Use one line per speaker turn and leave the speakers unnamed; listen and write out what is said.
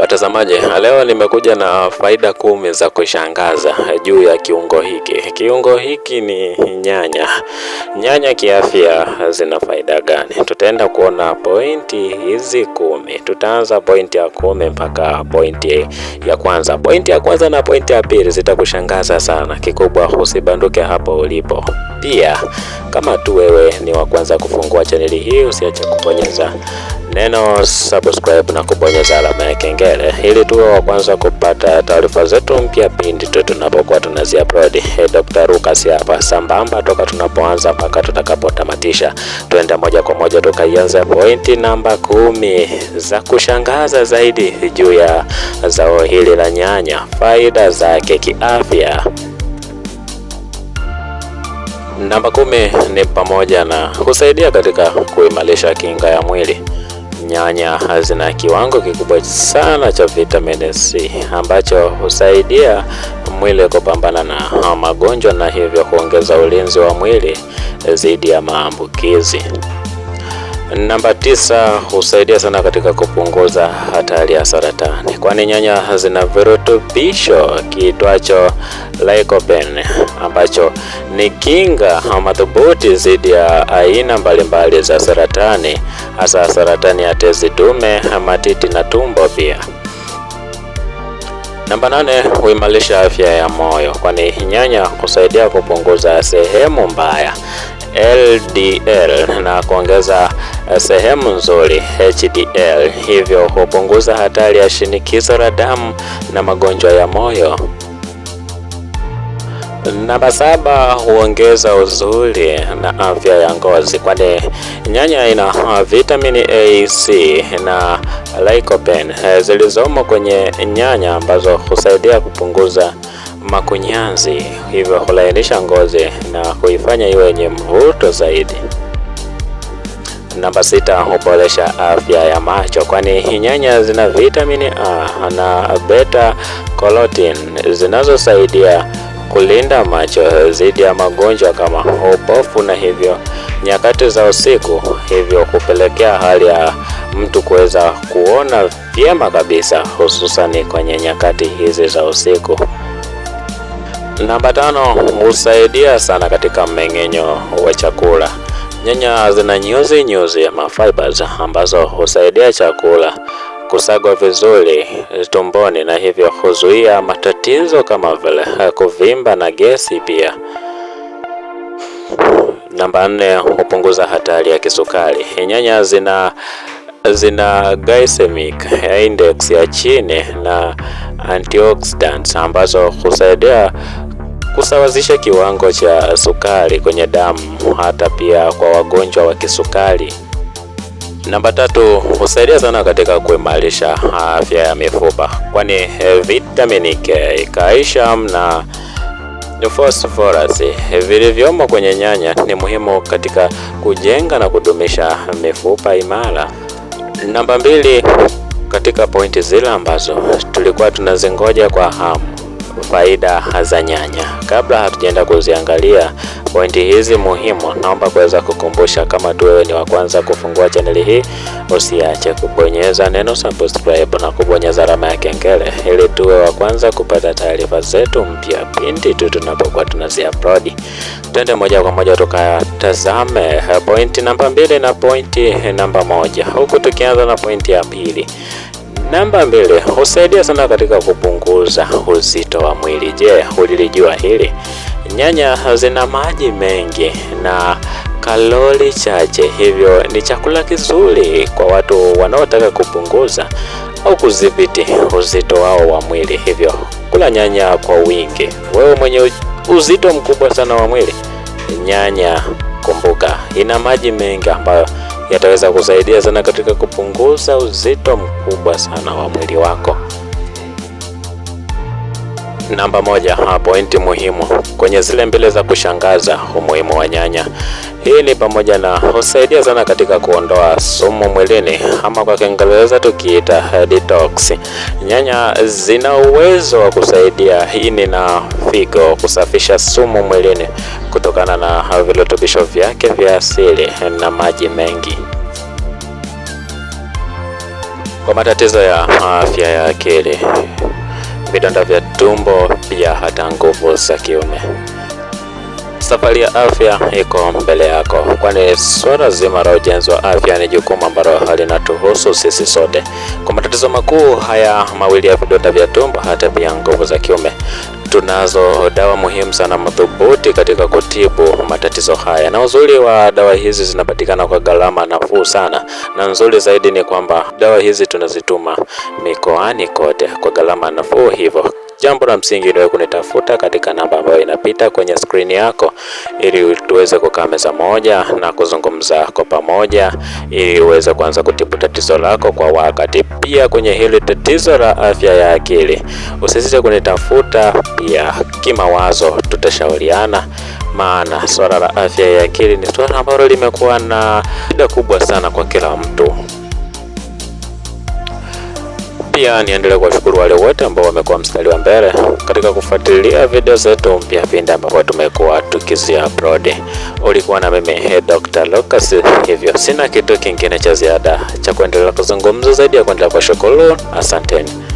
Watazamaji, leo nimekuja na faida kumi za kushangaza juu ya kiungo hiki. Kiungo hiki ni nyanya. Nyanya kiafya zina faida gani? Tutaenda kuona pointi hizi kumi. Tutaanza pointi ya kumi mpaka pointi ya kwanza. Pointi ya kwanza na pointi ya pili zitakushangaza sana. Kikubwa usibanduke hapo ulipo. Pia kama tu wewe ni wa kwanza kufungua chaneli hii, usiache kubonyeza neno subscribe na kubonyeza alama ya kengele ili tuwe wa kwanza kupata taarifa zetu mpya pindi tu tunapokuwa tunazi upload. Hey, eh, Dr. Lucas hapa sambamba, toka tunapoanza mpaka tutakapotamatisha. Twende moja kwa moja tukaianza pointi namba kumi za kushangaza zaidi juu ya zao hili la nyanya, faida zake kiafya. Namba kumi ni pamoja na husaidia katika kuimarisha kinga ya mwili. Nyanya zina kiwango kikubwa sana cha vitamini C ambacho husaidia mwili kupambana na magonjwa na hivyo kuongeza ulinzi wa mwili dhidi ya maambukizi. Namba tisa, husaidia sana katika kupunguza hatari ya saratani, kwani nyanya zina virutubisho kiitwacho lycopene ambacho ni kinga madhubuti dhidi ya aina mbalimbali za saratani, hasa saratani ya tezi dume, matiti na tumbo pia. Namba nane, huimarisha afya ya moyo, kwani nyanya husaidia kupunguza sehemu mbaya LDL na kuongeza eh, sehemu nzuri HDL, hivyo hupunguza hatari ya shinikizo la damu na magonjwa ya moyo. Namba saba, huongeza uzuri na afya ya ngozi, kwani nyanya ina ah, vitamini A, C na lycopene eh, zilizomo kwenye nyanya ambazo husaidia kupunguza makunyanzi, hivyo hulainisha ngozi na kuifanya iwe yenye mvuto zaidi. Namba sita, huboresha afya ya macho, kwani nyanya zina vitamini A na beta carotene zinazosaidia kulinda macho dhidi ya magonjwa kama upofu na hivyo nyakati za usiku, hivyo kupelekea hali ya mtu kuweza kuona vyema kabisa, hususani kwenye nyakati hizi za usiku. Namba tano, husaidia sana katika mmeng'enyo wa chakula. Nyanya zina nyuzi nyuzi ama fibers ambazo husaidia chakula kusagwa vizuri tumboni na hivyo huzuia matatizo kama vile eh, kuvimba na gesi pia. Namba nne, hupunguza hatari ya kisukari. Nyanya zina zina glycemic eh, index ya chini na antioxidants ambazo husaidia kusawazisha kiwango cha sukari kwenye damu hata pia kwa wagonjwa wa kisukari. Namba tatu, husaidia sana katika kuimarisha afya ya mifupa, kwani eh, vitamini K, kalsiamu na phosphorus eh, vilivyomo kwenye nyanya ni muhimu katika kujenga na kudumisha mifupa imara. Namba mbili, katika pointi zile ambazo tulikuwa tunazingoja kwa hamu faida za nyanya. Kabla hatujaenda kuziangalia pointi hizi muhimu, naomba kuweza kukumbusha, kama tu wewe ni wa kwanza kufungua chaneli hii, usiache kubonyeza neno subscribe na kubonyeza alama ya kengele ili tuwe wa kwanza kupata taarifa zetu mpya pindi tu tunapokuwa upload. Twende moja kwa moja tukatazame pointi namba mbili na pointi namba moja, huku tukianza na pointi ya pili. Namba mbili husaidia sana katika kupunguza uzito mwili. Je, ulilijua hili? Nyanya zina maji mengi na kalori chache, hivyo ni chakula kizuri kwa watu wanaotaka kupunguza au kudhibiti uzito wao wa mwili. Hivyo kula nyanya kwa wingi. Wewe mwenye uzito mkubwa sana wa mwili, nyanya kumbuka, ina maji mengi ambayo yataweza kusaidia sana katika kupunguza uzito mkubwa sana wa mwili wako. Namba moja, ah, pointi muhimu kwenye zile mbele za kushangaza, umuhimu wa nyanya. Hii ni pamoja na husaidia sana katika kuondoa sumu mwilini, ama kwa Kiingereza tukiita detox. Nyanya zina uwezo wa kusaidia ini na figo kusafisha sumu mwilini kutokana na virutubisho vyake vya asili na maji mengi. Kwa matatizo ya afya ya akili vidonda vya tumbo, pia hata nguvu za kiume. Safari ya afya iko mbele yako, kwani swala zima la ujenzi wa afya ni jukumu ambalo halinatuhusu sisi sote. Kwa matatizo makuu haya mawili ya vidonda vya tumbo, hata pia nguvu za kiume, tunazo dawa muhimu sana madhubuti katika kutibu matatizo haya, na uzuri wa dawa hizi zinapatikana kwa gharama nafuu sana, na nzuri zaidi ni kwamba dawa hizi tunazituma mikoani kote kwa gharama nafuu hivyo Jambo la msingi ni kunitafuta katika namba ambayo inapita kwenye skrini yako, ili tuweze kukaa meza moja na kuzungumza kwa pamoja, ili uweze kuanza kutibu tatizo lako kwa wakati. Pia kwenye hili tatizo la afya ya akili, usisite kunitafuta pia kimawazo, tutashauriana maana swala la afya ya akili ni swala ambalo limekuwa na shida kubwa sana kwa kila mtu. Pia niendelee kuwashukuru wale wote ambao wamekuwa mstari wa mbele katika kufuatilia video zetu mpya pindi ambapo tumekuwa tukizi upload. Ulikuwa na mimi hey, eh, Dr. Lucas, hivyo sina kitu kingine cha ziada cha kuendelea kuzungumza zaidi ya kuendelea kwa shukuru. Asanteni.